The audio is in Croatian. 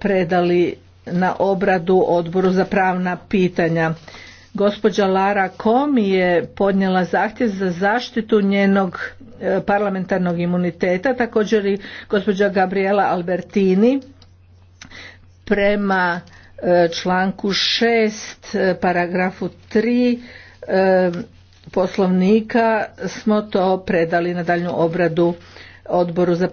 predali na obradu odboru za pravna pitanja. Gospođa Lara Komi je podnijela zahtjev za zaštitu njenog e, parlamentarnog imuniteta, također i gospođa Gabriela Albertini prema e, članku 6 e, paragrafu 3 poslovnika smo to predali na daljnju obradu odboru za